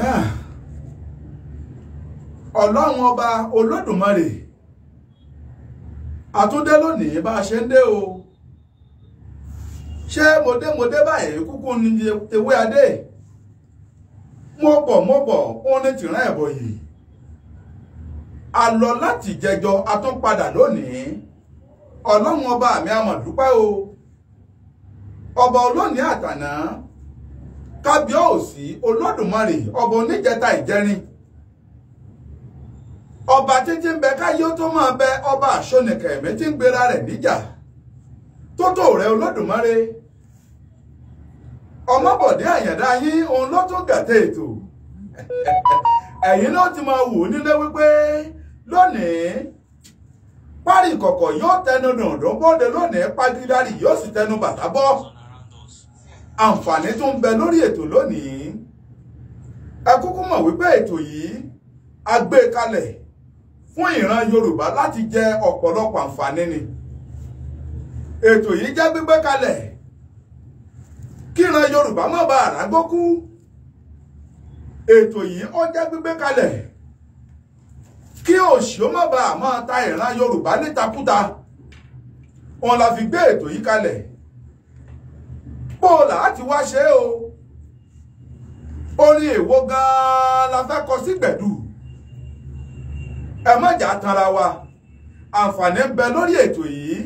Ah. ọlọ́run ọba olódùmarè àtúndé lónìí bá a ṣe ń dé o ṣé mo dé mo dé báyìí kúkú ní ewé adé mo bọ̀ mo bọ̀ òun ní tìrán ẹ̀bọ yìí a lọ láti jẹjọ a lónìí ọlọ́run ọba mi àmọ̀ o ọba olónìí àtàná kábíọ́ọ̀sì olódùmarè ọba oníjẹta ìjẹrin ọba títí ń bẹ káyé ó tó máa bẹ ọba àṣọnìkà ẹ̀mí tí ń gbéra rẹ̀ níjà tótó rẹ olódùmarè ọmọbọ̀dé àyàndá yín òun ló tó gàtẹ́ ètò ẹ̀yin ló ti máa wò nílé wípé lónìí Pari ìkọ̀kọ̀ yóò tẹnu dùndùn bóde lónìí pagídárì yóò sì tẹnu bàtà bọ́. àǹfààní tó ń bẹ lórí ètò lónìí ẹ kúkú mọ̀ wípé ètò yìí a gbé kalẹ̀ fún ìran Yorùbá láti jẹ ọ̀pọ̀lọpọ̀ àǹfààní ni ètò yìí jẹ́ gbígbé kalẹ̀ kí ìran Yorùbá má bàa rágbókú ètò yìí ó jẹ́ gbígbé kalẹ̀ kí òṣì má bàa máa ta ìran Yorùbá nítakúta wọn la fi gbé ètò yìí kalẹ̀ bó láti wá ṣe o orin èwo gan-an la fẹ́ kọ sí gbẹ̀dù ẹ mọ̀jà tanra wa àǹfààní ń bẹ lórí ètò yìí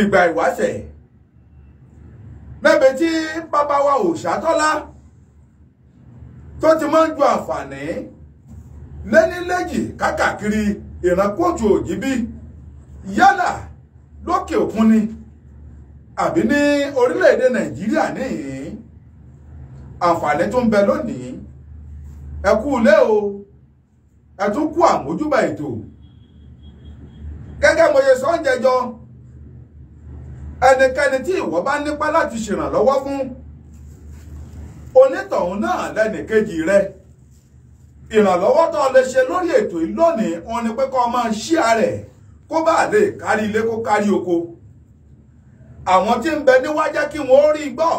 ìgbà ìwáṣẹ̀ níbi tí bàbá wa Òòṣàtọ́lá tó ti máa ń ju àǹfààní lẹ́ni lẹ́jì kákàkiri ìran kóòtù òjì bí yálà lókè òkun ni àbí ní orílẹ̀-èdè nàìjíríà níhìn àǹfààní tó ń bẹ lónìí ẹ kú ilé o ẹ tún kú àmójúbà ètò gẹ́gẹ́ mo ṣe sọ ń jẹjọ ẹnikẹ́ni tí ìwọ bá nípa láti ṣèrànlọ́wọ́ fún onítọ̀hún náà lẹ́nìkejì rẹ ìrànlọ́wọ́ tó lè ṣe lórí ètò yìí lónìí òun ni pé kó máa ṣí ààrẹ kó bá lè kárí ilé kó kárí oko àwọn tí ń bẹ níwájú kí wọn ó rí gbọ́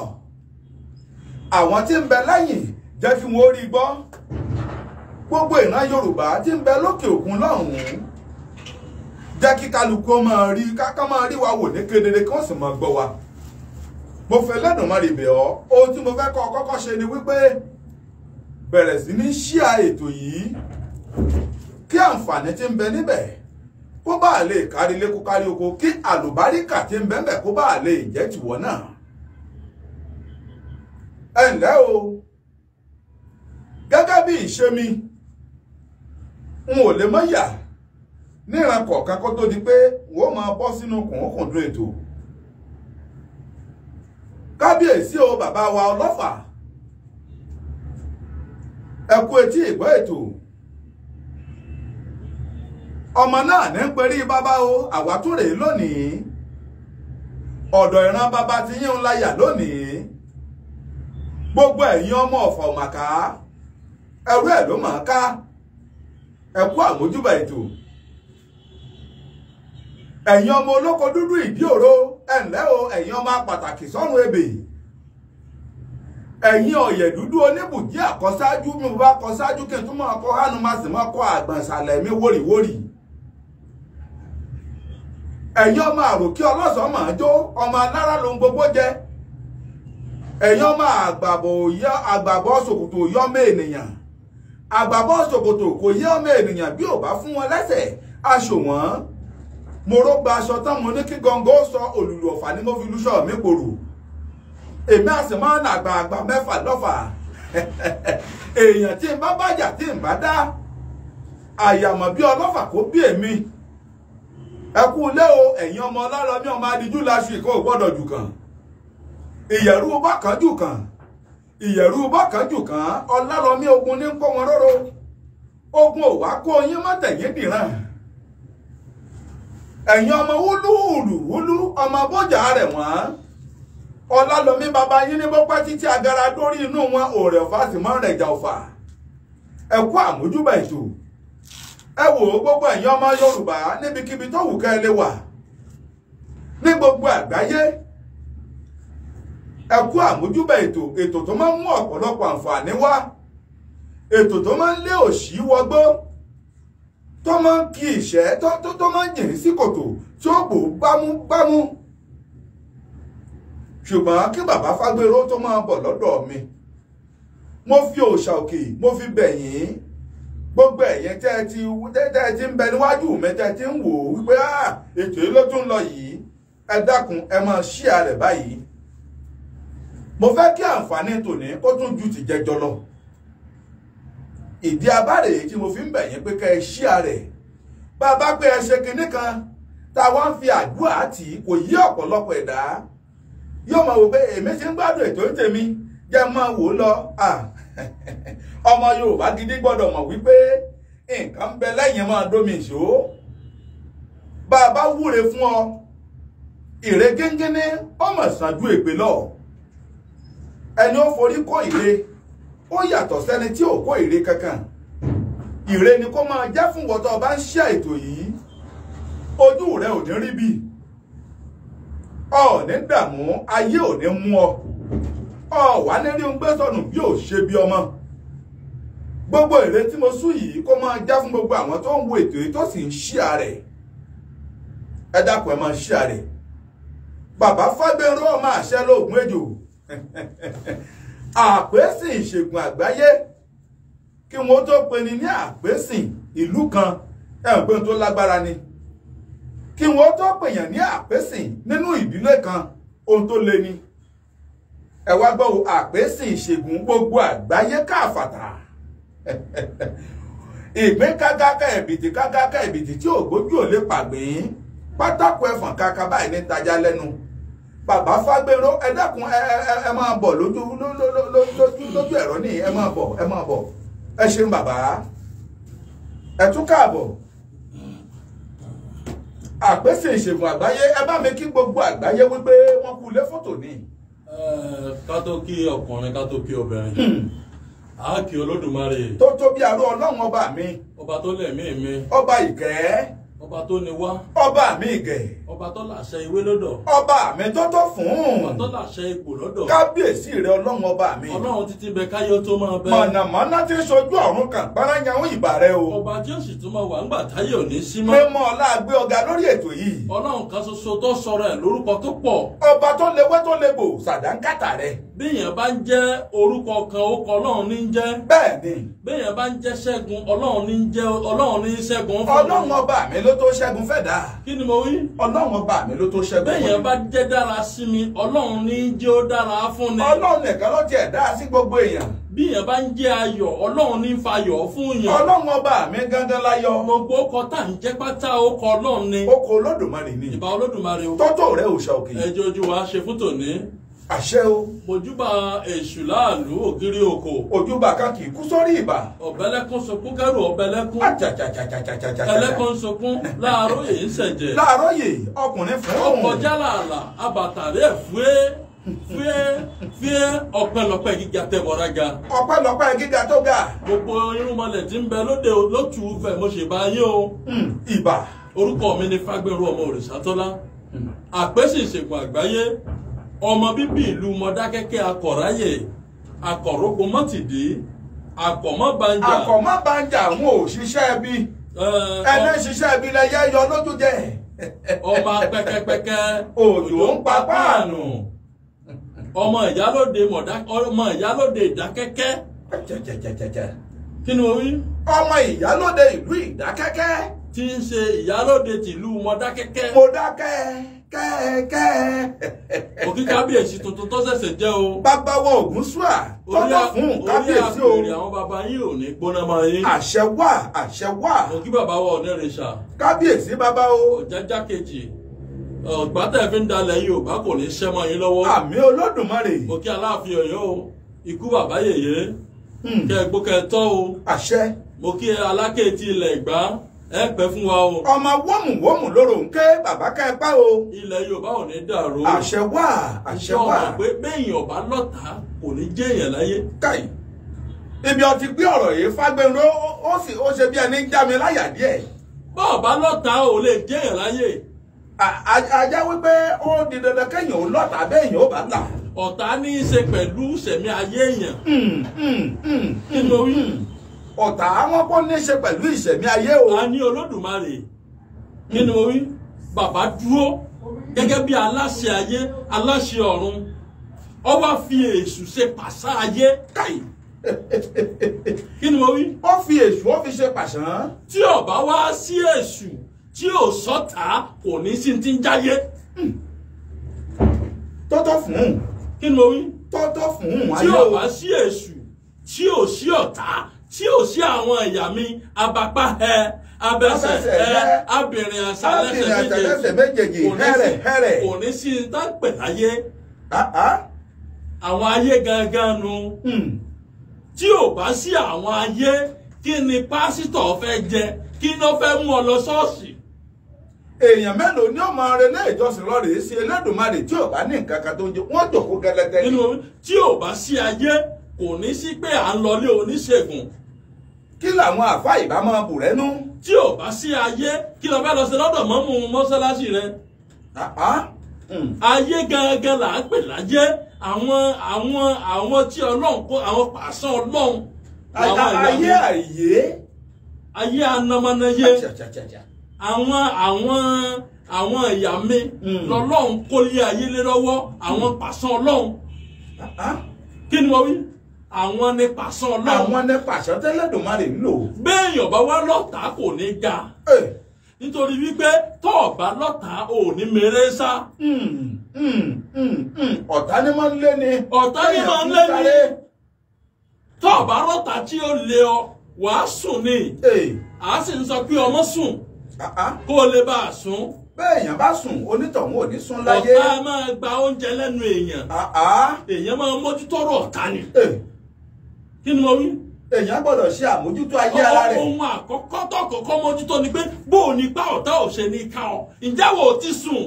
àwọn tí ń bẹ lẹ́yìn jẹ́ kí wọn ó rí gbọ́ gbogbo ìran yorùbá tí ń bẹ lókè òkun lọ́hùnún jẹ́ kí kálukú máa rí káká máa rí wa wò ní kedere kí wọ́n sì máa gbọ́ wa mo fẹ́ lẹ́dùnmọ́rì bẹ̀ ọ́ ohun tí mo fẹ́ kọ́ kọ́kọ́ ṣe ni wípé bẹ̀rẹ̀ sí ní ṣíà ètò yìí kí àǹfààní tí ń bẹ níbẹ̀ kó bá lè kárí ilé kó kárí oko kí àlùbáríkà tí ń bẹ́ẹ̀ kó bá lè jẹ́ tìwọ́ náà. ẹ ǹlẹ́ o gẹ́gẹ́ bí ìṣe mi n ò lè mọ́yà níran kọ̀ọ̀kan kó tó di pé n ó máa bọ́ sínú kùnkùndùn ètò kábíyèsí o bàbá wa ọlọ́fà ẹ etí ìgbọ́ ètò. ọmọ náà ní ń perí bàbá o àwátúrè lónìí ọ̀dọ̀ ìran bàbá ti yín láyà lónìí gbogbo ẹ̀yin ọmọ ọ̀fọ̀ màkà ẹrú ẹ̀ ló máa ká ẹ̀kú àmójúbà ètò ẹ̀yin ọmọ olóko dúdú ìdí òro ẹ̀ǹlẹ́ o ẹ̀yin ọmọ pàtàkì sọ́run ebè ẹ̀yin ọ̀yẹ̀ dúdú oníbùjí àkọsáájú mi bá kọsáájú kí n tún máa kọ hánu máa sì máa kọ àgbọ̀nsálẹ̀ mi wórìwórì ẹ̀yin ọmọ àròkí ọlọ́sàn máa jó ọmọ alára ló ń gbogbo jẹ ẹ̀yin ọmọ àgbàbọ̀ ṣòkòtò yọ́mọ ènìyàn àgbàbọ̀ ṣòkòtò kò yé ọmọ ènìyàn bí ò bá fún wọn lẹ́sẹ̀ aṣòwọ̀n mo ró gba aṣọ tán mo ní kí gọ́ngọ́ sọ òlùlù ọ̀fà ni mo fi lúṣọ̀ mi kòrò èmi àsìmọ́ọ̀nà àgbààgbà mẹ́fà lọ́fà èèyàn tí n bá bàjà tí n bá dá àyàmọ̀ bí ọlọ́fà kò bí èmi ẹ kú ilé o ẹ̀yin ọmọ ọlọ́rọ̀ mi ọmọ adiju láṣù ìkọ́ ò gbọ́dọ̀ jù kàn ìyẹ̀rú kàn jù kàn ìyẹ̀rú kàn jù kàn ọlọ́rọ̀ mi ogun ní kó wọn róró ogun ò wá kó yín má tẹ̀yìn dìran ẹ̀yin ọmọ wúlúùlù wúlú ọmọ bójà rẹ̀ wọ́n ọlálọ́mí bàbá yín ní bọ́pá títí agara dórí inú wọn òòrẹ̀ ọ̀fà sì mọ́ rẹ̀ jà ọ̀fà ẹ̀kú àmójúbà ètò ẹ wò ó gbogbo ẹ̀yin ọmọ Yorùbá níbikíbi tó wù ká ẹ lè wà ní gbogbo àgbáyé ẹ kú àmójúbà ètò ètò tó máa ń mú ọ̀pọ̀lọpọ̀ àǹfààní wá ètò tó máa ń lé òṣì wọgbó tó máa ń kí ìṣẹ́ tó máa ń jìn sí kòtò tí ó bò bámúbámú ṣùgbọ́n kí bàbá Fágbéró tó máa bọ̀ lọ́dọ̀ mi mo fi òòṣà òkè mo fi bẹ̀ gbogbo ẹ̀yẹn tẹ́ ẹ ti tẹ́ ẹ ti ń bẹ níwájú mi tẹ́ ẹ ti ń wò ó wípé ah, ètò yìí ló tún lọ yìí ẹ dákun ẹ máa ṣí àrẹ̀ báyìí mo fẹ́ kí àǹfààní tòní kó tún ju ti jẹjọ lọ ìdí abáre èyí tí mo fi ń bẹ̀ yín pé kẹ́ ẹ ṣí àrẹ̀ bá a bá pé ẹ ṣe kinní kan tá a wá ń fi àdúrà tì í kò yí ọ̀pọ̀lọpọ̀ ẹ̀dá yóò máa wò pé èmi ti ń gbádùn ètò tèmi jẹ́ máa wò ó lọ ah, ọmọ Yorùbá gidi gbọ́dọ̀ mọ̀ wípé nǹkan ń bẹ lẹ́yìn máa dómi ìṣó bá a bá wúre fún ọ ìre gẹ́ngẹ́ní ọmọ ìsànjú èpè lọ ẹni ó forí kó ìre ó yàtọ̀ sẹ́ni tí ò kó ìre kankan ìre ni kó máa jẹ́ fún wọ́tọ̀ bá ń ṣe ètò yìí ojú rẹ ò ní rí bí ọ ò ní dààmú ayé ò ní mú ọ ọ wà ní rí ń gbé sọnù bí ò ṣe bí ọmọ gbogbo èrè tí mo sún yìí kó máa já fún gbogbo àwọn tó ń wo ètò yìí tó sì ń ṣíà rẹ̀ ẹ dákun ẹ máa ṣíà rẹ̀ bàbá fábẹ́rọ́ ọmọ àṣẹ lóògùn èjò àpèsè ìṣègùn àgbáyé kí wọ́n tó peni ní àpèsè ìlú kan ẹ̀ǹpẹ́ tó lágbára ni kí wọ́n tó pèyàn ní àpèsè nínú ìdílé kan ohun tó le ni ẹ wá gbọ́ àpèsè ìṣègùn gbogbo àgbáyé káàfàtà ìgbín kákáká ẹ̀bìtì kákáká ẹ̀bìtì tí ògbójú ò lè pàgbín pátákó ẹ̀fọ̀n kaka báyìí ní tajà lẹ́nu bàbá fágbéró ẹ dákun ẹ máa bọ̀ lójú lójú ẹ̀rọ ní ẹ máa bọ̀ ẹ máa bọ̀ ẹ ṣeun bàbá ẹ tún káàbọ̀ àpèsè ìṣègùn àgbáyé ẹ bá mi kí gbogbo àgbáyé wípé wọ́n kú ilé fọ́tò ní. ká tó kí ọkùnrin ká tó kí obìnrin. àákì olódùmarè. tó tóbi àrò ọlọ́run ọba mi. ọba tó lẹ̀mí mi. ọba ìgẹ́. ọba tó ni wá. ọba mi ìgẹ̀. ọba tó làṣẹ ìwé lọ́dọ̀. ọba mi tó tó fún. ọba tó làṣẹ ipò lọ́dọ̀. kábíyèsí rẹ ọlọ́run ọba mi. ọlọ́run títí bẹ káyọ̀ tó máa bẹ. mọ̀nàmọ́ná ti ṣojú ọ̀run kan gbára yanwó ìbà rẹ o. ọba tí ó sì tún máa wà ńgbà táyé ò ní sí mọ́. mímọ́ ọlá gbé ọ̀gá lórí ètò yìí. ọlọ́run kan ṣoṣo tó sọ̀rọ̀ ẹ̀ lórúkọ tó pọ̀. ọba tó lewé tó lebò sàdánkátà rẹ̀ béèyàn bá ń jẹ́ orúkọ kan orúkọ ọlọ́run ní ń jẹ́. bẹ́ẹ̀ni. béèyàn bá ń jẹ́ ṣẹ́gun ọlọ́run ní ń jẹ́ ọlọ́run ní ṣẹ́gun. ọlọ́run ọba mi ló tó ṣẹ́gun fẹ̀dá. kí ni mo wí. ọlọ́run ọba mi ló tó ṣẹ́gun fún mi. béèyàn bá jẹ́ dára sí mi ọlọ́run ní í jẹ́ ó dára fún ni. ọlọ́run nìkan ló tiẹ̀ dá sí gbogbo èèyàn bíyàn bá ń jẹ́ ayọ̀ ọlọ́run ní fayọ̀ fún yàn. ọlọ́run ọba mi gangan láyọ̀. gbogbo ọkọ tá à ń àṣẹ o. mojúbà èṣù láàlú ògiri oko. ojúbà kan kì í kú sórí ìbà. ọ̀bẹ̀lẹ̀kùn sunkún kẹ́rù ọ̀bẹ̀lẹ̀kùn. àjàjàjàjàjàjàjà. ẹlẹ́kùn sunkún láàárọ̀ yìí ń ṣẹ̀jẹ̀. láàárọ̀ yìí ọkùnrin fún òun. ọkọjá làálà abàtàrẹ́ fúé fúé fúé ọpẹ́lọpẹ́ gíga tẹ bọra ga. ọpẹ́lọpẹ́ gíga tó ga. gbogbo irúnmọlẹ̀ tí ń bẹ lóde lótú fẹ mo ṣe bá yín o. Hmm, ìbà. orúkọ mi ni fagbẹ́rù ọmọ òrìṣàtọ́lá hmm. àpèsè ìṣègùn àgbáyé ọmọ bíbí ìlú mọdákẹ́kẹ́ akọ̀ráyè akọ̀rógun mọ́tìdí akọ̀mọ́banja. akọ̀mọ́banja àwọn òṣìṣẹ́ ibi ẹ̀ẹ́dẹ́ ṣiṣẹ́ ibi lẹ́yẹ yọ lójú jẹ. ọba pẹkẹpẹkẹ òjò ń pa páànù ọmọ ìyálóde ọmọ ìyálóde ìdákẹ́kẹ́. kí ni o wí. ọmọ ìyálóde ìlú ìdákẹ́kẹ́. tí ń ṣe ìyálóde tìlú mọdákẹ́kẹ́. mọdákẹ́ kẹ́ẹ̀kẹ́. òkí kábíyèsí tuntun tó ṣẹ̀ṣẹ̀ jẹ́ o. babawo Ògúnṣúà tọ́tọ̀ fún kábíyèsí o. orí àpèrè àwọn baba yín ò ní gbóná mọ́ yín. àṣẹ wà àṣẹ wà. òkí bàbá wa ọ̀nẹ́ rẹ̀ ṣà. kábíyèsí bàbá o. ọ̀jájá kejì ọ̀gbá tẹ̀ fi ń dalẹ̀ yìí ò bá kò ní ṣẹ́ mọ́ yín lọ́wọ́. àmì olódùmarè. òkí aláàfin Ọ̀yọ́ o ikú bàbá yèyé. Hmm. kẹ́ gbó o. àṣẹ. mo kí alákẹ́ẹ̀tì ilẹ̀ ẹ pẹ́ fún wa o. ọmọ wọ́mùwọ́mù lóró ń ké bàbá ká ẹ pa o. ilẹ̀ yorùbá ò ní dàrú. àṣẹ wà àṣẹ wà. ìjọba pé béèyàn ọba lọ́ta kò ní jẹ́ èèyàn láyé. káì ibi ọtí gbé ọ̀rọ̀ yìí fágbẹ́nró ó sì ó ṣe bí ẹni já mi láyà díẹ̀. bọ́ọ̀bá lọ́ta ò lè jẹ́ láyé. ajá wípé ó di dandan kéèyàn ó lọ́ta béèyàn ó bá là. ọ̀tá ní í ṣe pẹ̀lú sẹ̀mí ayé ọ̀tá wọn kò ní ṣe pẹ̀lú ìṣẹ̀mí ayé o. a ní olódùmarè kí ni mo wí bàbá dúró gẹ́gẹ́ bí aláṣẹ ayé aláṣẹ ọ̀run ọba fi èṣù ṣe pàṣá ayé káyì kí ni mo wí. ó fi èṣù ó fi ṣe pàṣán. tí ọba wá sí èṣù tí ò sọ́ta kò ní sí ti ń jáyé. Hmm. tọ́tọ́ fún un. kí ni mo wí. tọ́tọ́ fún un. tí ọba sí èṣù tí ò sí ọ̀tá tí ò sí àwọn ẹ̀yà mi abapá ẹ abẹsẹ ẹ abìnrin àṣálẹsẹ méjèèjì kò ní sí dápẹ̀ láyé àwọn ayé gangan nu hmm. tí ò bá sí àwọn ayé kí ni pásítọ̀ fẹ́ jẹ kí ni ó fẹ́ mú ọ lọ ṣọ́ọ̀ṣì èèyàn mélòó ni ó máa rẹ ní ìjọsìn lọ́rẹ̀ sí Elédùmarè tí ò bá ní nǹkan kan tó ń jẹ wọ́n jòkó gẹ́lẹ́gẹ́lẹ́. tí ò bá sí ayé kò ní sí pé à ń lọlé oníṣègùn kí làwọn àfa ìbámu bùrẹ́nu. tí ò bá sí ayé kí lọ fẹ́ lọ sí lọ́dọ̀ mọ́mú mọ́sálásí rẹ. ayé gangan là á pè lájẹ àwọn àwọn àwọn tí ọlọ́run kó àwọn pàṣẹ ọlọ́run. ayé àyè. ayé anamanaye. àwọn àwọn àwọn ìyá mi lọ́lọ́run kólé ayé lé lọ́wọ́ àwọn pàṣẹ ọlọ́run. kí ni mo wí àwọn ni pàṣán ọlọ́run. àwọn ni pàṣán tẹ́lẹ̀dùnmarè ń lò. béèyàn bá wá lọ́tàá kò ní ga. nítorí wípé tó o bá lọ́tàá ò ní mèrè sá. Hmm, hmm, hmm, ọ̀tá ni máa ń lé ni. ọ̀tá ni máa ń lé ni. tó o bá lọ́tàá tí ó lé ọ wàá sùn ni. a sì ń sọ pé ọmọ sùn ah, ah. kó o lè bá a sùn béèyàn bá sùn onítọ̀hún ò ní sùn láyé. ọ̀tá máa gba oúnjẹ lẹ́nu èèyàn. Ah, èèyàn máa mójútó ọ̀rọ̀ ọ̀tá ni. Eh kí ni mo wí. èèyàn gbọ́dọ̀ ṣe àmójútó ayé ara rẹ̀. ohun àkọ́kọ́ tó kọ́kọ́ mójútó ni pé bó o ní pa ọ̀tá ò ṣe ní ká ọ ǹjẹ́ wo ti sùn.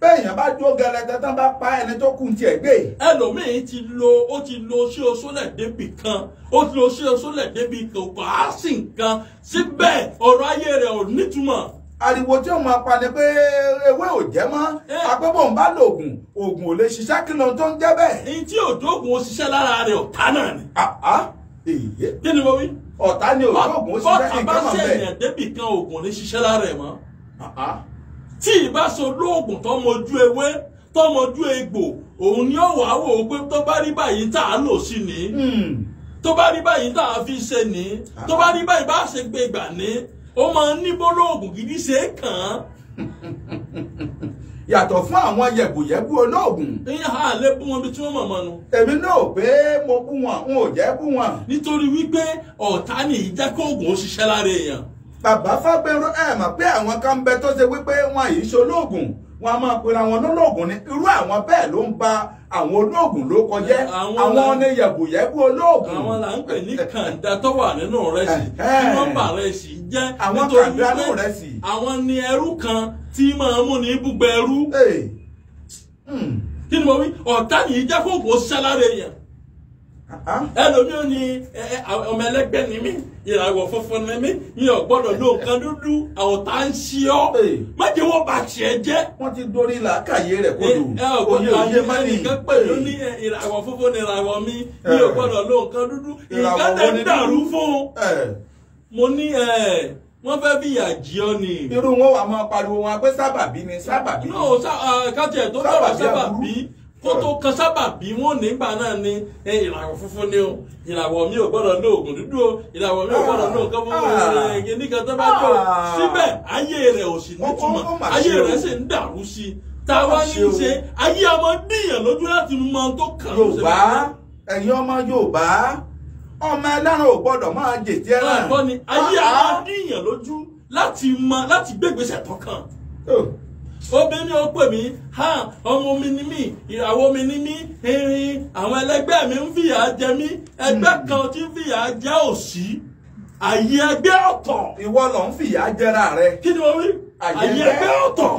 bẹ́ẹ̀yàn bá dúró gẹlẹtẹ tán bá pa ẹni tó kù tiẹ̀ gbé. ẹlòmíín ti lo ó ti lo ṣé oṣólẹ̀ débì kan ó ti lo ṣé oṣólẹ̀ débì kò kò á sì nǹkan síbẹ̀ ọ̀rọ̀ ayé rẹ̀ ò nítumọ̀ ariwo tí ó máa pani pé ewé ò jẹ́ mọ́ eh. apẹ́bọ̀ ń bá lògùn ògùn ò lè ṣiṣẹ́ kí lóun tó ń jẹ́ bẹ́ẹ̀. ní tí òdòògùn ó ṣiṣẹ́ lára rẹ̀ ọ̀tá náà ni. Ah, ah, kí ni mo wí. ọ̀tá ni òdòògùn ó ṣiṣẹ́ kí n kọ́ mọ̀ bẹ́ẹ̀. bọ́tà bá ṣèyàn débì kan ògùn lè ṣiṣẹ́ lára ẹ̀ mọ́. Ah, tí ì bá so lóògùn tó mojú ewé tó mojú egbò òun ni ó wàá wò ó pé tó bá rí báyìí tá a lò sí ni hmm. tó bá rí báyìí tá a fi ṣe ni tó bá rí báyìí bá ṣe gbé gbà ni ó máa ń ní bólóògùn gidi ṣe é kàn án. yàtọ̀ fún àwọn yebuyebu olóògùn. ìyá ha lè bú wọn bí tí wọ́n mọ̀ mọ́ nu. èmi náà pé mo bú wọn n ò jẹ́ bú wọn. nítorí wípé ọ̀tá ni ìjẹ́ kóògùn ó ṣiṣẹ́ lára èèyàn. bàbá Fágbẹ́rú ẹ̀ pé àwọn kan bẹ tó ṣe wípé wọn yìí ṣe olóògùn wọn a máa pera wọn lọ́lọ́ògùn ni irú àwọn bẹ́ẹ̀ ló ń ba àwọn olóògùn ló jẹ́ nítorí pé àwọn ni ẹrú kan tí máa mú ní ibùgbé ẹrú hmm. kí ni mo wí ọ̀tá yìí jẹ́ kó kó ṣẹláre yẹn ẹlòmíràn ni ọmọ ẹlẹgbẹ́ ni mí ìràwọ̀ funfun ni mí yìí ò gbọ́dọ̀ nǹkan dúdú àwọn ń ṣe ọ́ májèwọ́ bá tiẹ̀ jẹ́. wọ́n ti dorí làákàyè rẹ̀ kodò òye òye má ní. nǹkan pẹ̀lú ní ìràwọ̀ funfun ni ìràwọ̀ mi yìí ò eh. gbọ́dọ̀ nǹkan dúdú ìgbà tẹ̀ ń dàrú fún un. Eh mo ní ẹ wọ́n fẹ́ bí ìyà jí ọ ni. irú wọn wà máa pariwo wọn pé sábàbí ni sábàbí. no káàtì ẹ̀ tó dọ̀rọ̀ sábàbí kó tó kan sábàbí wọn ò nígbà náà ni ìràwọ̀ funfun ni o ìràwọ̀ mi ò gbọ́dọ̀ ní oògùn dúdú o ìràwọ̀ mi ò gbọ́dọ̀ ní nǹkan fún mi nìkan tó bá tó ah. síbẹ̀ ayé rẹ̀ ò sì nítumọ̀ ayé rẹ̀ sì ń dàrú sí i táwa ní í ṣe ayé ọmọ díyàn lójú láti mọ ohun tó kàn. Yorùbá ẹ̀yin ọmọ Yorùbá ọmọ ẹlẹ́ran ò gbọ́dọ̀ máa jètì ẹran. Ah, ẹ̀gbọ́n ni ayé ah, ah. àwọn adíyàn lójú láti mọ láti gbégbèsè tó kàn oh. obìnrin ó pè mí ha ọmọ mi ni mí ìràwọ̀ mi ni mí irin àwọn ẹlẹgbẹ́ mi ń fìyà jẹ mí ẹgbẹ́ hmm. kan tí ń fìyà jẹ òṣì àyè ẹgbẹ́ ọ̀tọ̀. ìwọ ló ń fìyà jẹra rẹ. kí ni mo wí àyè ẹgbẹ́ ọ̀tọ̀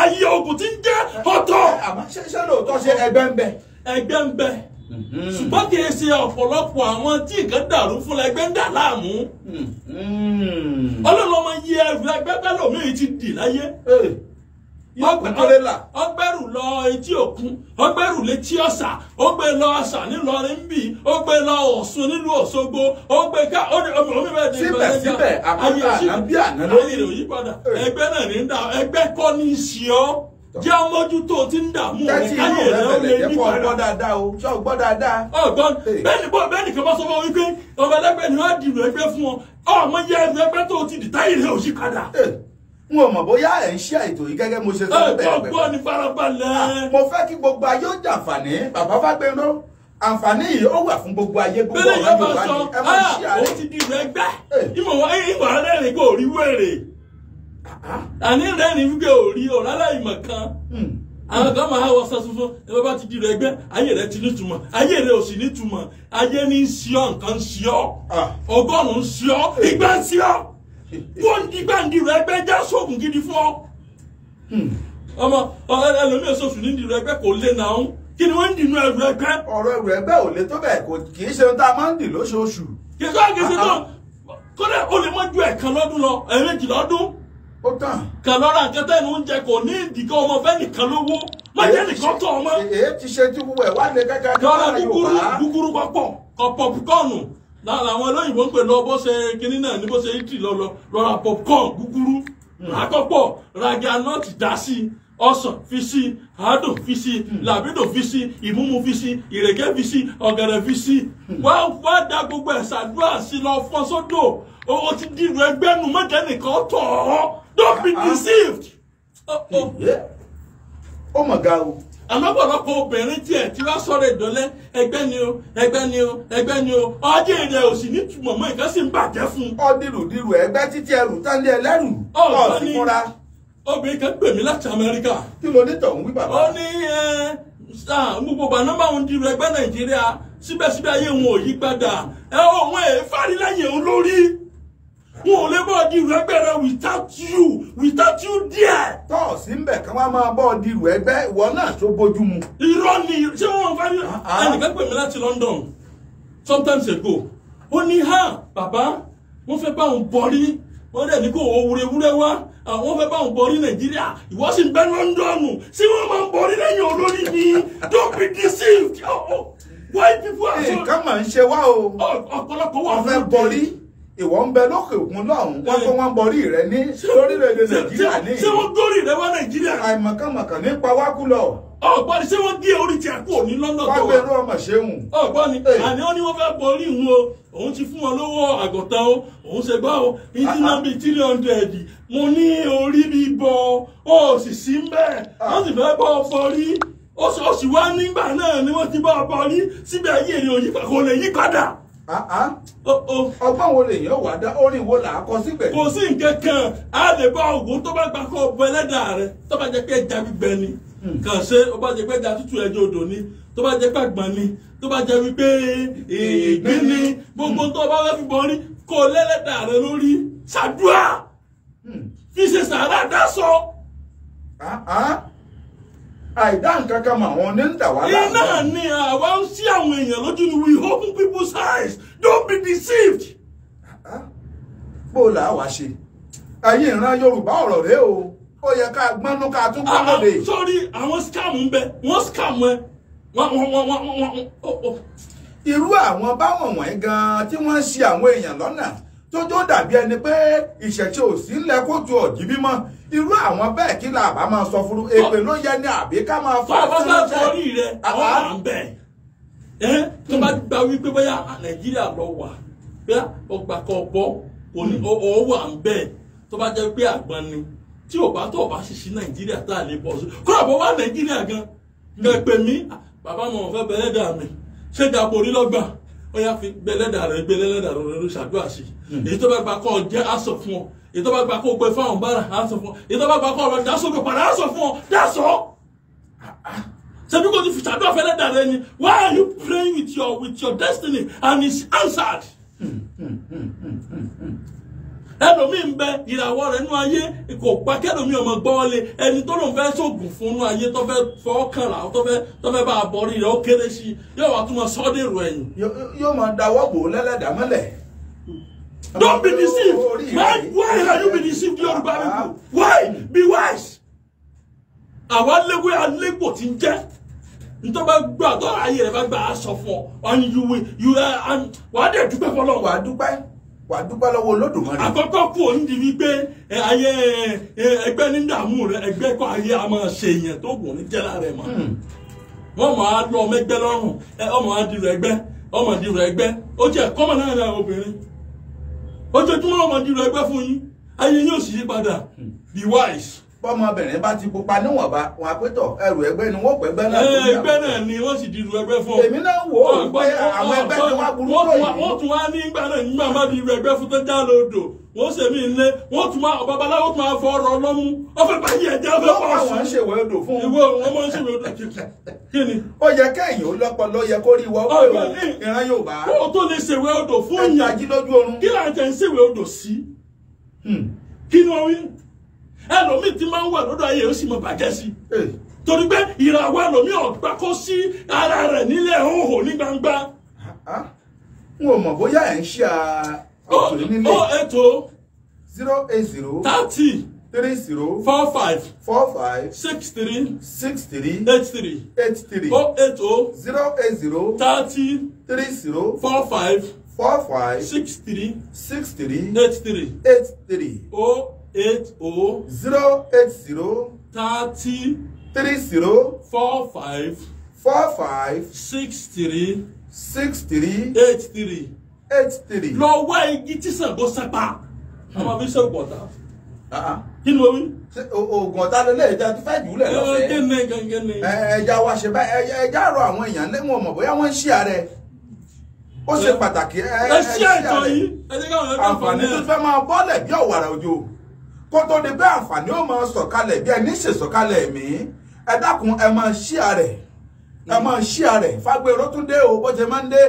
àyè ogun tí ń jẹ ọ̀tọ̀. àmọ́ ṣẹṣẹ lóòótọ́ ṣe ẹgbẹ́ ń bẹ. ẹgbẹ́ ń bẹ. Mm-hmm. ṣùgbọ́n kì í ṣe ọ̀pọ̀lọpọ̀ àwọn tí nǹkan dàrú fún ẹgbẹ́ ń dà láàmú mm-hmm. ọlọ́run ọmọ yẹ ẹrù ẹgbẹ́ bẹ́ẹ̀ lómi ti dì láyé eh, ọgbẹ́rù lọ etí òkun ọgbẹ́rù létí ọ̀sà ọgbẹ́ lọ ọ̀sà nílọrin ń bì ọgbẹ́ lọ ọ̀ṣun nílùú òṣogbo ọgbẹ́ ká omi bẹ́ẹ̀ di ìgbà ẹja síbẹ̀síbẹ̀ àbúrò àbí àná lórí ìròyìn padà eh. ẹgbẹ́ náà ní jẹ́ ọmọjútó tí ń dààmú òun káyé rẹ̀ ó lè ní ìgbàlá. ọgbọ́n dáadáa o ṣé ọgbọ́n dáadáa. ọgbọ́n bẹ́ẹ̀ni bọ́ bẹ́ẹ̀ni kí wọ́n sọ fún wípé ọmọ ẹlẹ́gbẹ́ ni wọ́n dìbò ẹgbẹ́ fún ọ ọmọ yẹ ẹgbẹ́ tó ti dì táyì rẹ̀ ò padà. n ò mọ̀ bóyá ẹ̀ ń ṣe ètò yìí gẹ́gẹ́ mo ṣe sọ ah, àǹfààní yìí ó wà fún gbogbo ayé gbogbo ọ̀rọ̀ yorùbá ni ẹ máa ń ṣe àárẹ̀. bẹ́ẹ̀ yóò máa sọ ah òun ti di ìrẹ́gbẹ́ ìmọ̀ ìwà rẹ̀ rẹ̀ kò rí wẹ̀rẹ̀ àní rẹ́rìn wípé ò rí ọ̀rá láìmọ̀ kan hmm. àwọn kan máa wọ sọ tuntun ẹ bá ti di rẹ gbẹ ayé rẹ ti nítumọ̀ ayé rẹ ò sì nítumọ̀ ayé ní sọ nǹkan sọ ah. ọgọ́rùn sọ igba sọ kó ń di gbàǹdì rẹ gbẹ já sóògùn gidi fún ọ. Hmm. ọmọ ẹlòmíràn sọ̀tún ní ìdìrọ̀ ẹgbẹ́ kò lè nà án kí ni wọ́n ń dìnnú ẹrù ẹgbẹ́. ọ̀rọ̀ ẹrù ẹgbẹ́ ò lè tó bẹ́ẹ̀ kò kì í ṣe ohun tá a máa ń dì lóṣooṣù. kí sọ́ọ́ kì í ṣe náà ah, ah, kódà ó lè mọ́ ju ẹ̀ẹ̀kan lọ́dún lọ ẹ̀ẹ̀mejì lọ́dún ó tàn. kàn lọ́ra àkẹ́tẹ́ ìlú oúnjẹ kò ní ìdìgọ́ ọmọ fẹ́ nìkan lówó lọ́jẹ́ nìkan tọ̀ ọmọ. èyí ti ṣe tí wúwo ẹ̀ wá lè kẹ́kẹ́ ní ọ̀la yorùbá. lọ́ra gúgúrú pọ̀pọ̀ kọ pọ̀pùkọ́ọ̀nù làwọn olóyìnbó ń pè lọ bó ṣe kinní náà ní bó ṣe ìtì lọ́lọ́ lọ́ra pọ̀pùkọ́ọ̀n gúgúrú àkọ́pọ̀ hmm. rajà náà ti dá sí i ọsàn fi sí àádùn fi sí hmm. làbídò fi sí ìmúmu fi sí ìrèké fi sí ọ̀gẹ̀dẹ̀ fi sí hmm. wá wá da gbogbo ẹ̀ ṣàdúrà sí lọ fọ́ sódò o ti dìrò ẹgbẹ́ nu mọ́jẹ́ nìkan tọ̀ ọ́ don't be ah. deceived. oh, mọ̀ ga o. àmọ́pọ̀lọpọ̀ obìnrin tiẹ̀ tí wàá sọ̀rọ̀ ìdọ́lẹ́ ẹgbẹ́ ni o ẹgbẹ́ ni o ẹgbẹ́ ni o ọdẹ rẹ ò sì ní túmọ̀ mọ́ nǹkan sì ń bàjẹ́ fún. ọdìrúdìrú ẹgbẹ́ títí ẹrù tánlé ẹlẹ́rù ọ̀ sí fúnra. obìnrin kan pè mí láti amẹ́ríkà. kí ló dé tọ̀ ń wí bàbá. ó ní gbogbo bàná máa ń dirú ẹgbẹ́ nàìjíríà síbẹ̀síbẹ̀ ayé wọn ò yí padà ẹ̀ ọ́ wọn èèfà rí lẹ́yìn òun lórí wọn ò lè bọ́ dirù ẹgbẹ́ rẹ without you without you there. tọ́ sí ń bẹ̀ kí wọ́n máa bọ́ dirù ẹgbẹ́ ìwọ náà tó bójú mu. irọ́ ni ṣé wọ́n fẹ́ rí ah, ah. ẹnìkan pè mí láti London sometimes ago ó ní ha bàbá wọ́n fẹ́ bá òun bọ̀rí wọ́n dẹ̀ ní kò wọ́n wúrewúre wá àwọn ah, fẹ́ bá òun bọ̀rí Nàìjíríà ìwọ sì ń bẹ London sí wọ́n máa ń bọ̀rí lẹ́yìn olórí ni don't be deceived oh, oh. why people are so. nǹkan máa ń ṣe wá o oh, ọ̀pọ̀lọpọ̀ wà fún mi. ọ̀fẹ́ bọ̀rí ìwọ ń bẹ lókè òkun lọ́hùn-ún eh. wọ́n pé wọ́n borí rẹ ní lórílẹ̀‐èdè nàìjíríà ní. ṣé wọ́n gbórí rẹ wá nàìjíríà. àìmọ̀kànmọ̀kàn ní pa wákú lọ. ọ̀gbọ́n ni ṣé wọ́n gé orí ti àpò òní lọ́nà tó wà. wọ́n gbẹ́rú ọmọ ṣéhùn. ọ̀gbọ́n ni eh. àní ó ní wọ́n fẹ́ borí ìhun o òun ti fún wọn lówó àgọ̀tàn o òun ṣe gbá o ìdínà bíi three hundred mo ní orí bíbọ ó sì sí mbẹ́ ah. wọ́n sì fẹ́ bọ́ borí ó sì nígbà náà ni wọ́n ti bá borí síbẹ̀ ayé ni òyìnbá kò lè yí padà. Ah, ah. Oh, oh. ọgbọ́n wo lèèyàn wà dá orí wo là á kọ síbẹ̀. kò sí nǹkan kan a lè bá ògùn tó bá gbà kó bọ ẹlẹ́dàá rẹ tó bá jẹ́ pé ẹja gbígbẹ ni hmm. kàn ṣe ó bá jẹ́ pé ẹja tútù ẹja odò ni tó bá jẹ́ pé àgbọ̀n ni tó bá jẹ́ wípé ìgbín ni gbogbo tó bá fẹ́ fi bọ́ rí kó lẹ́lẹ́dàá rẹ lórí ṣàdúrà hmm. fi ṣe sàrà dá sọ. Ah, àìdá nǹkan kan mà wọn ní ń tà wá láàmú. iná ni àwa ń sí àwọn èèyàn lójú ni we open people's eyes don't be deceived. Ah, ah. bó o là á wá ṣe ẹ̀yin ìran yorùbá ọ̀rọ̀ rèé o ó yẹ ká gbọ́nú ká tún ah, gbọ́n lóde. sórí àwọn scam ń bẹ wọ́n scam ẹ wọ́n wọ́n wọ́n wọ́n. irú àwọn báwọn wọ̀nyí gan-an tí wọ́n ń ṣe àwọn èèyàn lọ́nà tójó dàbí ẹni pé ìṣẹ̀ṣe ò sí ńlẹ̀ kóòtù ọ̀jì bímọ irú àwọn bẹ́ẹ̀ kí la bá máa sọ fún un èpè ló yẹ ní àbí ká máa fọ́ ọ́ sí ọjọ́ orí rẹ àwọn à ń bẹ̀ ẹ́ tó bá gba wípé bóyá nàìjíríà lọ wà bóyá ọgbà kan bọ́ ọ̀ hmm. wà ń bẹ̀ tó bá jẹ́ pé àgbọn ni tí ò bá tó ò bá ṣiṣi nàìjíríà tá a lè bọ̀ sí kúrò bó wà nàìjíríà gan gbẹgbẹ hmm. mi ah, bàbá mọ̀ fẹ́ bẹ̀rẹ̀ dà mí ṣé dàpọ̀ orí lọ́gbàá ó yá fi gbẹlẹ́dà rẹ gbẹlẹ́dà rẹ lórí ṣàdúrà sí èyí tó bá gba kọ́ ọ jẹ́ aṣọ fún ọ èyí tó bá gba kó gbẹ fáwọn bára aṣọ fún ọ èyí tó bá gba kọ́ ọ dasọ́gbẹ̀ padà aṣọ fún ọ dasọ́ ah, ah. ṣebí ti fi ṣàdúrà fẹ́ lẹ́dà rẹ ni why are you praying with your with your destiny and it's answered. Hmm, hmm, hmm, ẹlòmíì ń bẹ ìràwọ̀ rẹ̀ nú ayé kò pa kẹlòmíì ọmọ gbọ́ lé ẹni tó lòun fẹ́ fún nú ayé tó fẹ́ fọ́ kànrà tó fẹ́ tó fẹ́ bá a bọ̀ rí ó kéré sí i yóò wá tún dèrò don't be deceived why why are you be deceived Yorùbá people why be wise. àwa léwé alégbò ti ń jẹ́ ntọ́ bá ayé rẹ̀ bá gbà á sọ fún ọ wà dúpẹ́ lọ́wọ́ olódùmarè. àkọ́kọ́ kù ó ń di wípé ayé ẹgbẹ́ ní dààmú rẹ ẹgbẹ́ kọ́ ayé a máa ṣe èèyàn tó gùn ní jẹ́lá rẹ̀ mọ́. Hmm. wọ́n máa lọ ọmọ ẹgbẹ́ lọ́rùn ọmọ adìrò ẹgbẹ́ ọmọ adìrò ẹgbẹ́ ó jẹ́ kọ́mọ náà obìnrin. ojoojúmọ́ ọmọ fún hmm. be wise. bọ́mọbìnrin bá ti pupa níwọ̀nba wọn àpétọ̀ ẹrù ẹgbẹ́ ni wọ́n pẹ́gbẹ́ náà. ẹgbẹ́ náà ni wọ́n sì di irú ẹgbẹ́ fún ọ. èmi náà wò ó pé àwọn ẹgbẹ́ tí wọ́n burú tó yìí. wọ́n tún wá ní ìgbà náà nígbà má di irú ẹgbẹ́ fún tó já lódò wọ́n ṣe mí ilé wọ́n tún máa babaláwo tún máa fọ ọ̀rọ̀ lọ́mú ọ̀fẹ́ báyìí ẹ̀jẹ̀ ọ̀fẹ́ pọ̀ sí. wọ́n ṣe wẹ́ẹ́dò fún un. ìwọ wọn máa ń ṣe wẹ́ẹ́dò kí ni. ó yẹ kẹ́yìn ó lọ́pọlọ yẹ kó rí ìwọ pé o ìran yóò bá. kó o tó lè ṣe wẹ́ẹ́dò fún yẹn. ẹ̀ta jí lójú oorun. kí láǹtẹ̀ ń ṣe wẹ́ẹ́dò sí. Hmm. kí ni wọ́n wí ẹlòmíì ti máa ń wà lọ́dọ̀ ayé ó sì mọ bàjẹ́ sí torí pé ìràwọ̀ ẹlòmíì ọ̀gbà kó sí ara rẹ̀ nílẹ̀ òhò ní gbangba. Ah, ah. n ò mọ̀ bóyá ẹ̀ ń ṣe àkùnrin oh, nílé. Oh, ó ètò. zero eight zero. thirty three zero four five four five six three six three eight three eight three oh eight oh zero eight zero thirty three zero four five four five six three six three eight three eight three oh eight oh zero eight zero thirty three zero four five four five six three six three eight three eight three. lọ wá igi tí Ṣàngó sápá ọmọ mi ṣe gbọ̀dá. kí ló wí. oògùn ọ̀tá lélẹ̀ ẹja tó fẹ́ jùlẹ̀ lọ́fẹ̀ẹ́. Eh, gẹ́nẹ́ gẹ́nẹ́. Eh, ẹja wa ṣe báyìí ẹja rọ àwọn èèyàn lẹ́wọ̀n mọ̀ bóyá wọ́n ń ṣí ààrẹ ó ṣe eh, pàtàkì ẹ ẹ ṣí ààrẹ àǹfààní tó fẹ́ máa bọ́lẹ̀ bí ọ̀wàrà òjò kó tó di pé àǹfààní ó máa sọ̀kalẹ̀ bí ẹni ṣe sọ̀kalẹ̀ ẹ̀mí ẹ dákun ẹ máa ṣíà rẹ̀ ẹ máa ṣíà rẹ̀ Fagbero tún dé o bó ṣe máa ń dé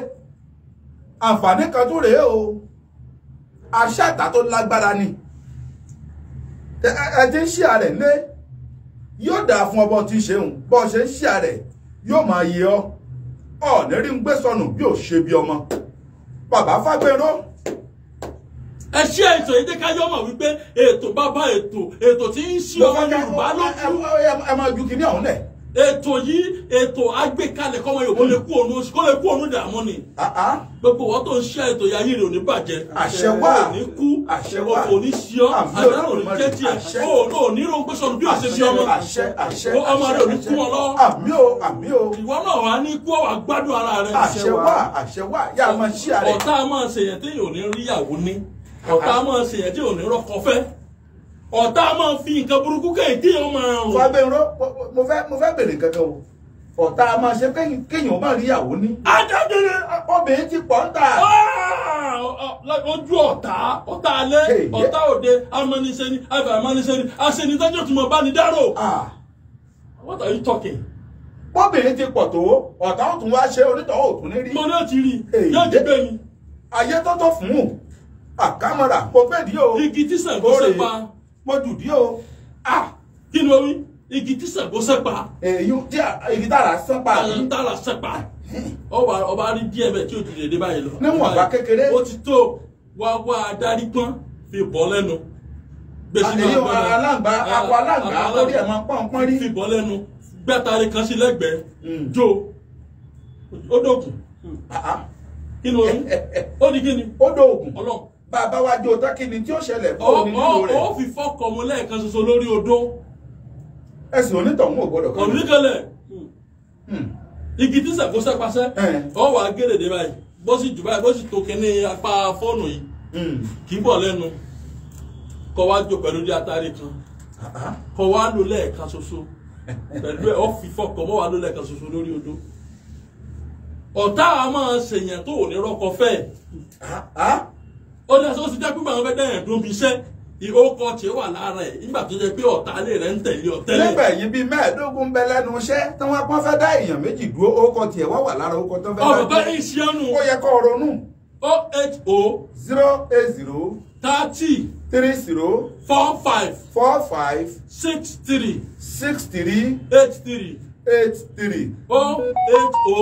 àǹfààní kan tún rèé o àṣà ìta tó lágbára ni ẹ ti ń ṣíà rẹ̀ lé yóò dáa fún ọbọ tí ń ṣeun bọ́ ṣe ń ṣíà rẹ̀ yóò máa yẹ ọ ọ̀nẹ́rí ń gbé sọnù bí ò ṣe bí ọmọ bàbá Fagbero ẹ ṣe ètò yìí déka yọ mọ̀ wípé ètò bàbá ètò ètò tí ń ṣe ọmọ Yorùbá ló kú. ẹ máa ju kìnìún ọ̀hún lẹ̀. ètò yìí ètò agbékalẹ̀ kọ́mọ Yorùbá lè kú òun kó lè kú òun dààmú ni. gbogbo wọn tó ń ṣe ètò yà yìí rè ò ní bàjẹ́. àṣẹwà òní kú àṣẹwà òní ṣíọ àdáná òní kéjì ẹ òun ò ní rògbé sọnù bí òṣè fi ọmọ ọmọ rẹ òní kú wọn lọ. àmì o àmì o. ìwọ náà wà ní kú ọwà gbádùn ara rẹ. àṣẹwà àṣẹwà yà máa ṣí àrẹ. ọ̀tá máa ṣèyàn téèyàn ò ní ríyàwó ní ọ̀tá máa ṣe ẹ̀jẹ̀ òní rọ́kọ fẹ́ ọ̀tá máa fi nǹkan burúkú kéèké yẹn máa rùn. fàbẹ̀rọ mo fẹ́ mo fẹ́ bèrè kankan o ọ̀tá máa ṣe kéèyàn má ríyàwó ní. adájọ́lẹ̀ obìnrin ti pọ̀ ń tà. ojú ọ̀tá ọ̀tá alẹ́ ọ̀tá òde amọ́nisẹ́ni afẹ́amọ́nisẹ́ni aṣẹ́nitẹ́jọ́ tí mo bá ní dárò. what are you talking? bóbìnrin ti pọ̀ tó ọ̀tá òtún wá ṣe onítọ̀ọ́ òtún ní rí. mo náà ti rí yóò jí bẹ́ẹ̀ mi. ayé tó tó fún un àkámọ́ra kò pẹ́ dí o. igi tí Ṣàngó ṣe pa. mo jù dí o. a kí ni o wí igi tí Ṣàngó ṣe pa. èyí tí igi tààrà ṣe pa. tààrà ṣe pa. ọba ọba rí díẹ̀ bẹ́ẹ̀ tí o ti lè dé báyìí lọ. níwọ̀n àgbà kékeré. o ti tó wá wá adarí pọ́n fi bọ́ lẹ́nu. gbèsè náà gbọ́dọ̀ àwọn aláǹgbá àwọn aláǹgbá lórí ẹ̀ máa pọ́n pọ́n rí. fi bọ́ lẹ́nu gbẹ́tàrí kan sí lẹ́gbẹ̀ẹ́ hmm. jó ó dókun. Hmm. Ah, ah. kí ni o wí ó di kí ni. ó dókun. ọlọ́run bàbá wa jó tán kí ni tí ó ṣẹlẹ̀ fún òní nílò rẹ̀. ó fi fọ́kọ̀ ọmọ lẹ́ẹ̀kan ṣoṣo lórí odó. ẹsìn onítọ̀hún ò gbọ́dọ̀ kọ́lẹ̀. ọ̀nìkẹlẹ̀ hmm. hmm. igi tí sàkóso pàṣẹ ọwọ́ agédèdè báyìí bó sì jù báyìí bó sì tó kẹ́ni apá fọ́ọ̀nù yìí hmm. kì í bọ̀ lẹ́nu kọ́ wá jó pẹ̀lú di atari kan kọ́ wá lò lẹ́ẹ̀kan ṣoṣo pẹ̀lú ẹ̀ ó fi fọ́kọ̀ mọ́ wá lò lẹ́ẹ̀kan ṣoṣo lórí odó ọ̀tá a máa ṣèyàn tó ò ní rọ́kọ fẹ́ẹ̀ ó ní aṣọ ó pípa àwọn fẹ́ẹ́ dẹ́yìn dómi iṣẹ́ ìhókọ tí ó wà lára ẹ̀ nígbà tó jẹ́ pé ọ̀tá lè rẹ̀ ń tẹ̀lé ọ̀tẹ́lẹ̀. níbẹ̀ yìí bíi mẹ́ẹ̀ẹ́dógún bẹ lẹ́nu iṣẹ́ tí wọ́n pọ́n fẹ́ dá èèyàn méjì dúró ókọ tiẹ̀ wọ́n wà lára ókọ tó fẹ́ dá. ọ̀bẹ ìṣẹ́nu. ó yẹ kó ronú. o eight o. zero eight zero. thirty. three zero. four five. four five. six three. six three. eight three. eight three. o eight o.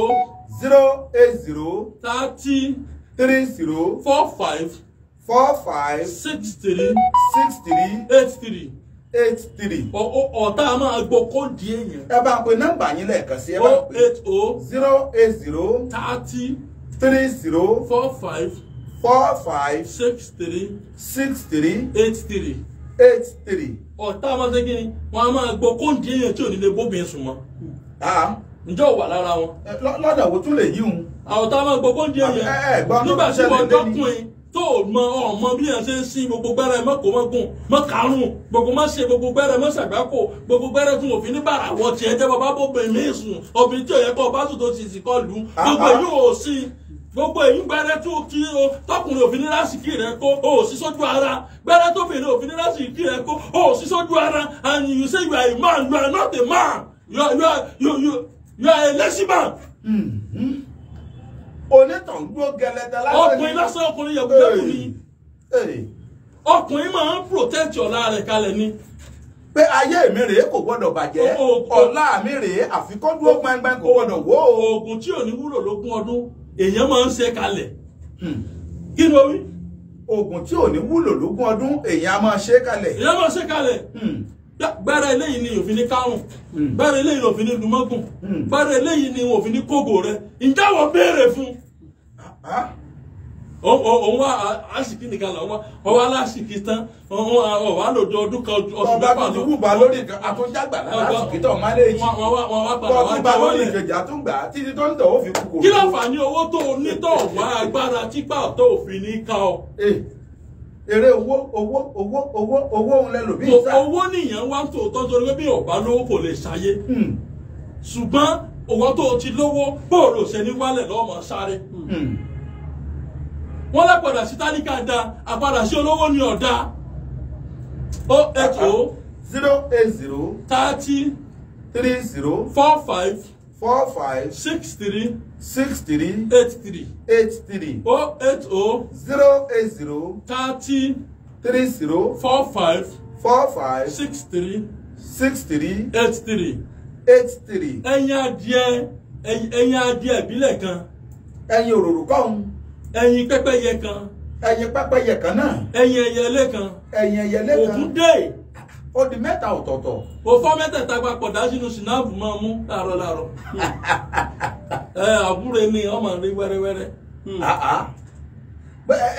zero eight zero. thirty. three zero. four five. four five six three six three eight three eight three. ọ̀tá a ma gbọ́ kóòdì èèyàn. ẹ bá pe nọ́mbà yín lẹ́ẹ̀kan ẹ bá pe. eight oh zero eight zero thirty three zero four five four five six three six three eight three eight three. ọ̀tá a máa ṣe èèyàn tí ò ní wà lára wọn. lọ́dà wo tún lè yí a ma gbọ́ èèyàn nígbà tí wọ́n tó mọ ọmọ bí yẹn ṣe ń sin gbogbo gbẹrẹ mọ́kò mọ́gùn mọ́kàrún gbogbo má ṣe gbogbo gbẹrẹ mọ́ṣàgbákò gbogbo gbẹrẹ fún òfin ní bàrà wọ tiẹ̀ jẹ́ bàbá bóbin mí sùn obìnrin tí òye kọ́ bá sùn tó ti sì kọ́ lù ú gbogbo yóò sí gbogbo èyí gbẹrẹ tó kí o tọkùnrin òfin ní lásìkí rẹ kó o ò sójú ara gbẹrẹ tó fèrè òfin ní lásìkí rẹ kó o ò sójú ara and you say you are a man you are not a man you are you are you you you are a lazy man. Mm -hmm onítàn dúró gẹlẹtẹ lásán ni ọkùnrin lásán ọkùnrin yẹ̀wùyẹ̀wù ni ọkùnrin máa ń protect ọ̀la rẹ̀ kalẹ̀ ni pé ayé mi rèé kò gbọ́dọ̀ bàjẹ́ ọ̀la mi rèé àfikọ́dúró gbangba kò gbọ́dọ̀ wó. oògùn tí ò ní wúlò lógún ọdún èèyàn máa ń ṣe kalẹ̀ hmm. kí ni o wí. oògùn tí ò ní wúlò lógún ọdún èèyàn máa ṣe kalẹ̀. èèyàn máa ṣe kalẹ̀. Hmm gbẹ́rẹ́ eléyìí ni òfin ní kárùn hmm. gbẹ́rẹ́ eléyìí ni òfin ní lumọ́gùn hmm. gbẹ́rẹ́ eléyìí ni òfin ní kógò rẹ ǹjẹ́ wọ́n béèrè fún òun wá àṣìkí nìkan lọ wọ́n wá láṣìkí tán wọ́n wá lòdì ọdún kan oṣù mẹ́fà lọ. ọba tuntun wùbá lórí àtúnjágbà láṣìkí tó máa lè yí wọ́n bá lórí ìgbèjà tó ń gbà títí tó ń tọ̀ ó fi kúkúrú. kí ló fà ní owó tó o ní tó wá agbára tí pàtó òfin ní ká ọ. Eh èrè owó owó owó owó owó òun lẹ lòmí ìsá. owó nìyẹn wá tó tọ́jú pé bí ọba lówó kò lè ṣayé hmm. ṣùgbọ́n owó tó ti lówó bóòlù ṣe ní wálẹ̀ lọ́mọ sáré. Hmm. wọ́n lè sí tálíkà da àpadà sí olówó ni ọ̀dà o eight zero eight zero. thirty. three zero. four five. four five. six three six three eight three eight three oh eight oh zero eight zero thirty three zero four five four five six three six three eight three eight three. ẹyin adìẹ ẹyin adìẹ ìbílẹ̀ kan. ẹyin òróró kan. ẹyin pẹ́pẹ́yẹ kan. ẹyin pẹ́pẹ́yẹ kan náà. ẹyin ẹyẹlé kan. ẹyin ẹyẹlé kan. òkú dé. O di mẹ́ta ọ̀tọ̀ọ̀tọ̀. òfò mẹ́tẹ̀ẹ̀ta papọ̀ dáṣínú sinapu máa mú láàárọ̀ láàárọ̀ àbúrò mi ọmọ rí wẹ́rẹ́wẹ́rẹ́. Hmm. Ah, ah.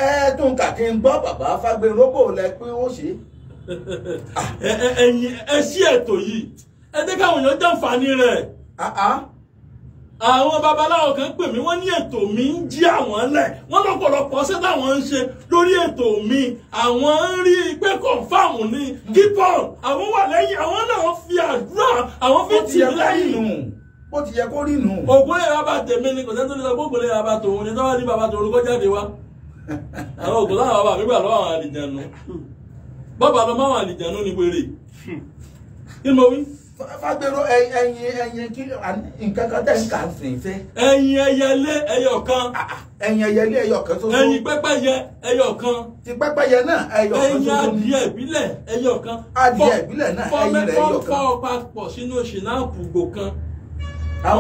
ẹ tún kàkí n gbọ́ bàbá fágbérógbò lẹ pé ó ṣe. ẹ̀yin ẹ ṣí ètò yìí ẹ káwọn èèyàn rẹ̀. Ah, àwọn babaláwo kan pè mí wọ́n ní ètò mi ń jí àwọn lẹ̀ wọ́n lọ́pọ̀lọpọ̀ ṣé táwọn ń ṣe lórí ètò mi àwọn ń rí i pé kọ̀ǹfàmù ni kíkọ́ àwọn wà lẹ́yìn àwọn náà fi àdúrà àwọn fi tì lẹ́yìn bó ti yẹ kó rí nù. ògbólé raba tèmi ni kò sẹ́ni tó lè sọ pé ògbólé raba tòun ni tọ́wọ́ ní baba tòun ló kọ́ jáde wá àwọn ògbólé àwọn bàbá mi gbà lọ́wọ́ àwọn àlìjànú bàbá lọ́mọ àwọn àlìjànú ni wèrè kí ni mo wí fagbero ẹyin ẹyin kí nǹkan kan tẹ̀ ń kà ń sìn fẹ́. ẹyin ẹyẹlé ẹyọ kan. Ah, ah, ẹyin ẹyẹlé ẹyọ kan ṣoṣo. ẹyin pẹ́pẹ́yẹ ẹyọ kan. ti pẹ́pẹ́yẹ náà ẹyọ kan ṣoṣo. ẹyin adìẹ ìbílẹ̀ ẹyọ kan. adìẹ ìbílẹ̀ náà ẹyin rẹ̀ ẹyọ kan. fọ́ fọ́ papọ̀ sínú ṣìnáàpù gbò kan.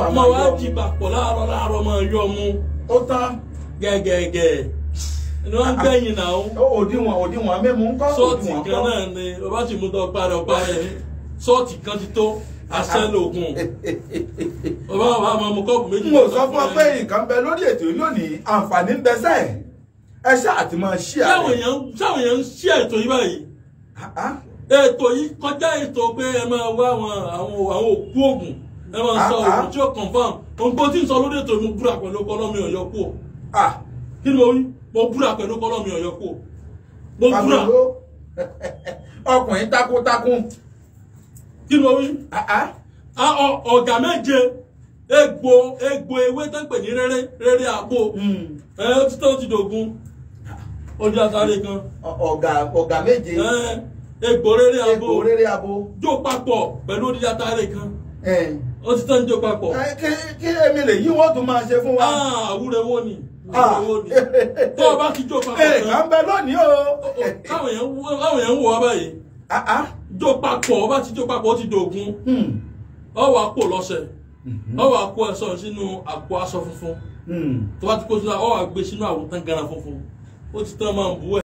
ọmọ wa jí papọ̀ láàárọ̀ láàárọ̀ máa yọ ọmú. ó tán. gẹ́gẹ́gẹ́ ni wọ́n ń ah, gbẹ̀yìn náà. òdiwọ̀n òdiwọ̀n mẹ́mu ń kọ́ òdiwọ̀n kọ́. sọ́ọ̀tì kan náà ni ọba ti mú tọ́ parẹ́ parẹ́ sọ́ọ̀tì kan ti tó aṣẹ́ lóògùn ọba ọba ọmọ ọmọ méjì. mo sọ fún ọ pé nǹkan bẹ lórí ètò yìí lónìí àǹfààní ń bẹ ẹ ṣáà àti máa ṣí àrẹ. sáwọn èèyàn ń ṣí ètò yìí báyìí ètò yìí kọjá ètò pé ẹ máa wá àwọn òkú oògùn ẹ máa sọ òkú tí ó confam nǹkan tí ń sọ lórí ètò yìí búra pẹ̀lú kọ́lọ́mì ọ̀yọ́ kú kí ni mo wí mo búra pẹ̀lú kọ́lọ́mì ọ̀yọ́ kú mo búra. ọkùnrin takuntakun kí ni mo wí ah, ah. ọ̀gá méje egbò egbò ewé tó ń pè ní rere rere àpò hmm. ẹ tó ti dògún ojú àtàrí kan. ọ̀gá ọ̀gá méje. egbò rere àpò egbò rere àpò. jó papọ̀ pẹ̀lú ojú àtàrí kan ó ti tán jó papọ̀. kí èmi lè yí wọ́n tún máa ṣe fún wa. Ah, àwúrẹ́wó ni tó o bá ti jó papọ̀. ẹ̀ kà ń bẹ lónìí o. káwọn yẹn ń wọ ọ báyìí jó papọ̀ ó bá ti jó papọ̀ ó ti dògún hmm. ó wá pò lọ́sẹ̀ hmm. ó wá kó ẹ̀sọ́ sínú àpò aṣọ funfun hmm. tó bá ti kó sínú ó wá gbé sínú àwòtán garan funfun ó ti tán máa ń bu ẹ̀.